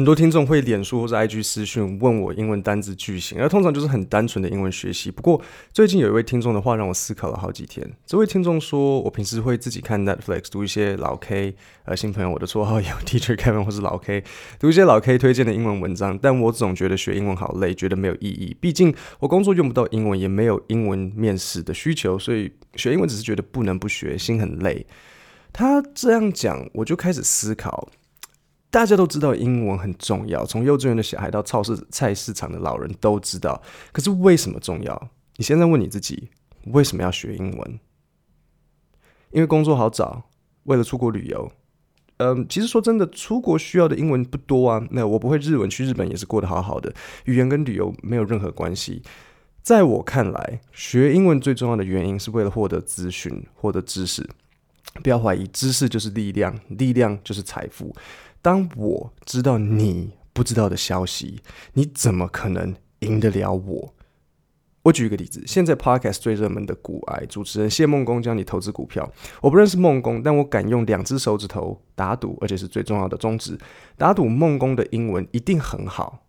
很多聽眾會臉書或者 IG 私訊問我英文單字句型，而通常就是很單純的英文學習。不過最近有一位聽眾的話讓我思考了好幾天。這位聽眾說我平時會自己看 Netflix，讀一些老 K，呃，新朋友我的綽號有 Teacher Kevin 或是老 K，讀一些老 K 推薦的英文文章。但我總覺得學英文好累，覺得沒有意義。畢竟我工作用不到英文，也沒有英文面試的需求，所以學英文只是覺得不能不學，心很累。他這樣講，我就開始思考。大家都知道英文很重要，從幼稚園的小孩到超市菜市場的老人都知道。可是為什麼重要？你現在問你自己，為什麼要學英文？因為工作好找，為了出國旅遊。嗯，其實說真的，出國需要的英文不多啊。那我不會日文，去日本也是過得好好的。語言跟旅遊沒有任何關係。在我看來，學英文最重要的原因是為了獲得資訊，獲得知識。不要懷疑，知識就是力量，力量就是財富。當我知道你不知道的消息，你怎麼可能贏得了我？我舉一個例子，現在 Podcast 最熱門的股癌，主持人謝孟恭教你投資股票。我不認識孟恭，但我敢用兩只手指頭打賭，而且是最重要的中指打賭孟恭的英文一定很好。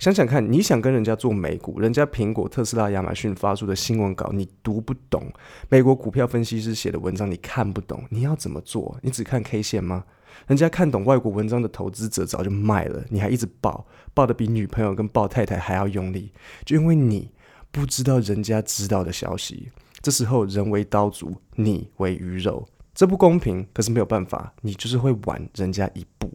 想想看，你想跟人家做美股，人家蘋果、特斯拉、亞馬遜發出的新聞稿你讀不懂，美國股票分析師寫的文章你看不懂，你要怎麼做？你只看 K 線嗎？人家看懂外國文章的投資者早就賣了，你還一直抱，抱得比女朋友跟抱太太還要用力，就因為你不知道人家知道的消息。這時候人為刀俎，你為魚肉，這不公平。可是沒有辦法，你就是會晚人家一步。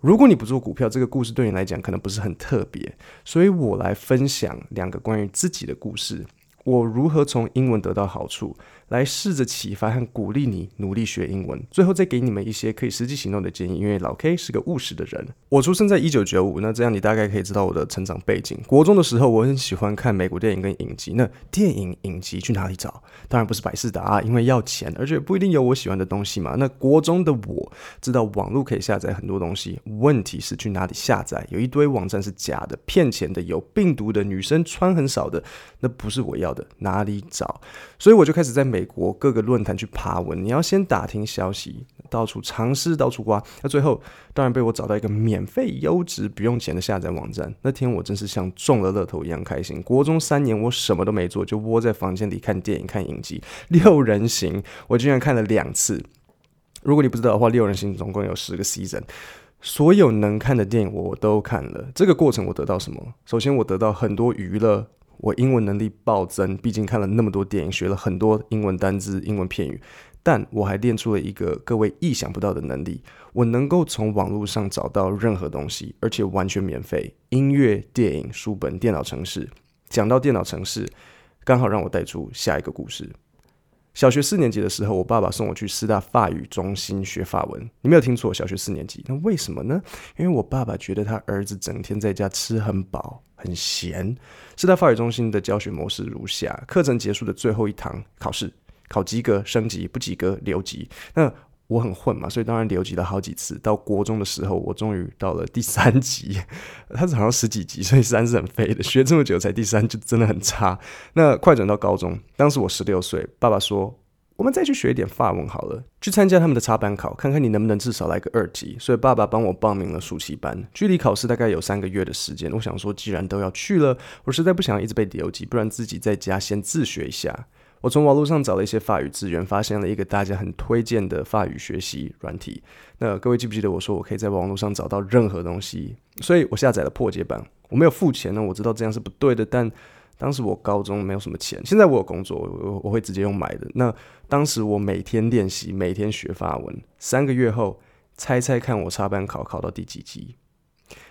如果你不做股票，這個故事對你來講可能不是很特別。所以我來分享兩個關於自己的故事，我如何從英文得到好處。來試着啟發和鼓勵你努力學英文，最後再給你們一些可以實際行動的建議。因為老 K 是個務實的人。我出生在一九九五，那這樣你大概可以知道我的成長背景。國中的時候，我很喜歡看美國電影跟影集。那電影影集去哪裡找？當然不是百事達啊，因為要錢，而且不一定有我喜歡的東西嘛。那國中的我知道網絡可以下載很多東西，問題是去哪裡下載？有一堆網站是假的、騙錢的、有病毒的、女生穿很少的，那不是我要的。哪裡找？所以我就開始在美。美國各個論壇去爬文，你要先打聽消息，到處嘗試，到處挖。那最後當然被我找到一個免費、優質、不用錢的下載網站。那天我真是像中了樂透一樣開心。國中三年我什麼都沒做，就窩在房間裡看電影、看影集。六人行，我竟然看了兩次。如果你不知道的話，六人行總共有十個 season。所有能看的電影我都看了。這個過程我得到什麼？首先我得到很多娛樂。我英文能力暴增，畢竟看了那麼多電影，學了很多英文單字、英文片語。但我還練出了一個各位意想不到的能力，我能夠從網絡上找到任何東西，而且完全免費。音樂、電影、書本、電腦程式。講到電腦程式，剛好讓我帶出下一個故事。小學四年級的時候，我爸爸送我去師大法語中心學法文。你沒有聽錯，小學四年級。那為什麼呢？因為我爸爸覺得他兒子整天在家吃很飽。很閒。是在法語中心的教學模式如下：課程結束的最後一堂考試，考及格升級，不及格留級。那我很混嘛，所以當然留級了好幾次。到國中的時候，我終於到了第三級，他是好像十幾級，所以三是很廢的。學這麼久才第三，就真的很差。那快轉到高中，當時我十六歲，爸爸說。我們再去學一點法文好了，去參加他們的插班考，看看你能不能至少來個二級。所以爸爸幫我報名了暑期班，距離考試大概有三個月的時間。我想說，既然都要去了，我實在不想要一直被留級，不然自己在家先自學一下。我從網絡上找了一些法語資源，發現了一個大家很推薦的法語學習軟體。那各位記不記得我說我可以在網絡上找到任何東西？所以我下載了破解版，我沒有付錢呢，我知道這樣是不對的，但……當時我高中沒有什麼錢，現在我有工作，我我會直接用買的。那當時我每天練習，每天學法文，三個月後，猜猜看我插班考考到第幾級？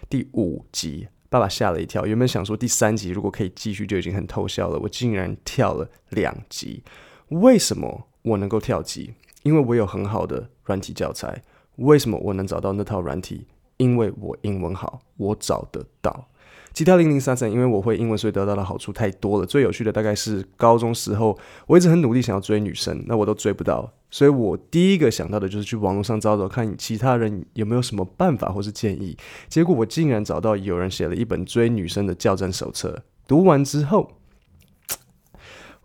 第五級，爸爸嚇了一跳。原本想說第三級如果可以繼續，就已經很偷笑了。我竟然跳了兩級，為什麼我能夠跳級？因為我有很好的軟體教材。為什麼我能找到那套軟體？因為我英文好，我找得到。其他零零散散，因為我會英文，所以得到的好處太多了。最有趣的大概是高中時候，我一直很努力想要追女生，那我都追不到，所以我第一個想到的就是去網絡上找找看，其他人有沒有什麼辦法或是建議。結果我竟然找到有人寫了一本追女生的教戰手冊，讀完之後，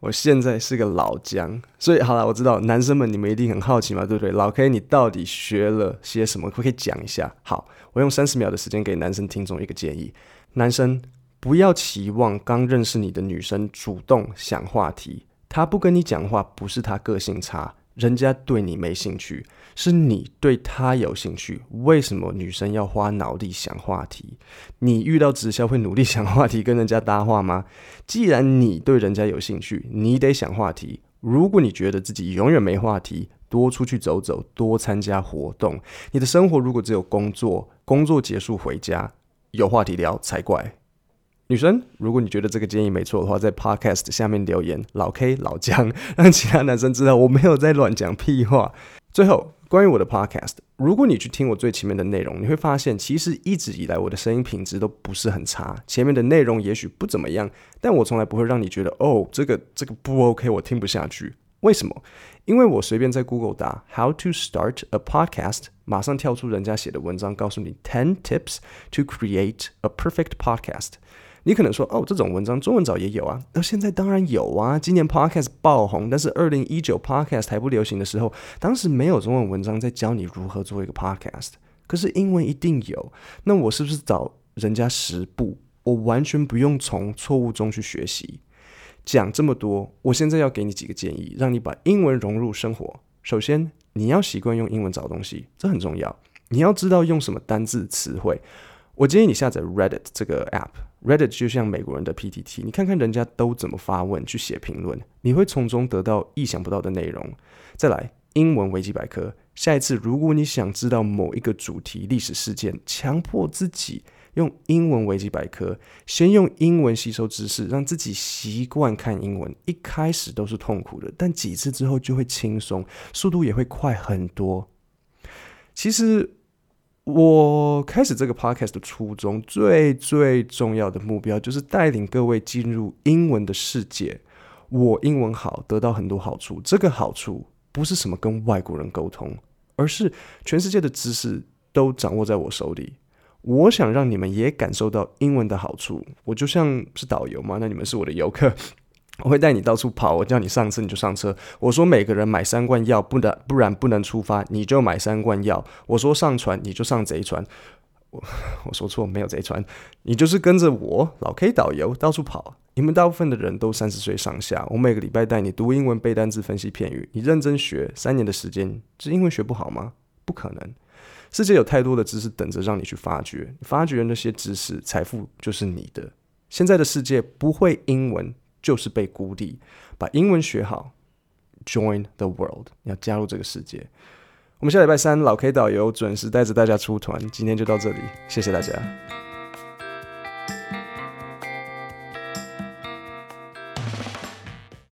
我現在是個老將。所以好了，我知道男生們你們一定很好奇嘛，對不對？老 K，你到底學了些什麼？可不可以講一下？好，我用三十秒的時間給男生聽眾一個建議。男生不要期望剛認識你的女生主動想話題，她不跟你講話不是她個性差，人家對你沒興趣，是你對她有興趣。為什麼女生要花腦力想話題？你遇到直銷會努力想話題跟人家搭話嗎？既然你對人家有興趣，你得想話題。如果你覺得自己永遠沒話題，多出去走走，多參加活動。你的生活如果只有工作，工作結束回家，有話題聊才怪。女生，如果你覺得這個建議沒錯的話，在 podcast 下面留言，老 K、老薑，讓其他男生知道我沒有在亂講屁話。最後，關於我的 podcast，如果你去聽我最前面的內容，你會發現其實一直以來我的聲音品質都不是很差。前面的內容也許不怎麼樣，但我從來不會讓你覺得哦，這個這個不 OK，我聽不下去。為什麼？因為我隨便在 Google 打，啊、How to start a podcast，馬上跳出人家寫的文章，告訴你 Ten tips to create a perfect podcast。你可能說，哦，這種文章中文早也有啊。那現在當然有啊，今年 podcast 爆紅，但是二零一九 podcast 還不流行的時候，當時沒有中文文章在教你如何做一個 podcast。可是英文一定有。那我是不是找人家十步？我完全不用從錯誤中去學習。講這麼多，我現在要給你幾個建議，讓你把英文融入生活。首先，你要習慣用英文找東西，這很重要。你要知道用什麼單字詞彙。我建議你下載 Reddit 這個 app，Reddit 就像美國人的 PTT，你看看人家都怎麼發問、去寫評論，你會從中得到意想不到的內容。再來，英文維基百科。下一次，如果你想知道某一個主題、歷史事件，強迫自己。用英文維基百科，先用英文吸收知識，讓自己習慣看英文。一開始都是痛苦的，但幾次之後就會輕鬆，速度也會快很多。其實，我開始這個 podcast 的初衷，最最重要的目標，就是帶領各位進入英文的世界。我英文好，得到很多好處。這個好處不是什麼跟外國人溝通，而是全世界的知識都掌握在我手裡。我想讓你們也感受到英文的好處，我就像是導遊嘛，那你們是我的遊客，我會帶你到處跑，我叫你上車你就上車，我說每個人買三罐藥不，不然不能出發，你就買三罐藥，我說上船你就上賊船，我我說錯，沒有賊船，你就是跟着我老 K 導遊到處跑，你們大部分的人都三十歲上下，我每個禮拜帶你讀英文背單字分析片語，你認真學三年的時間，這英文學不好嗎？不可能。世界有太多的知識等着讓你去發掘，你發掘那些知識，財富就是你的。現在的世界不會英文，就是被孤立，把英文學好，join the world，要加入這個世界。我們下禮拜三老 K 導遊準時帶着大家出團，今天就到這裡，謝謝大家。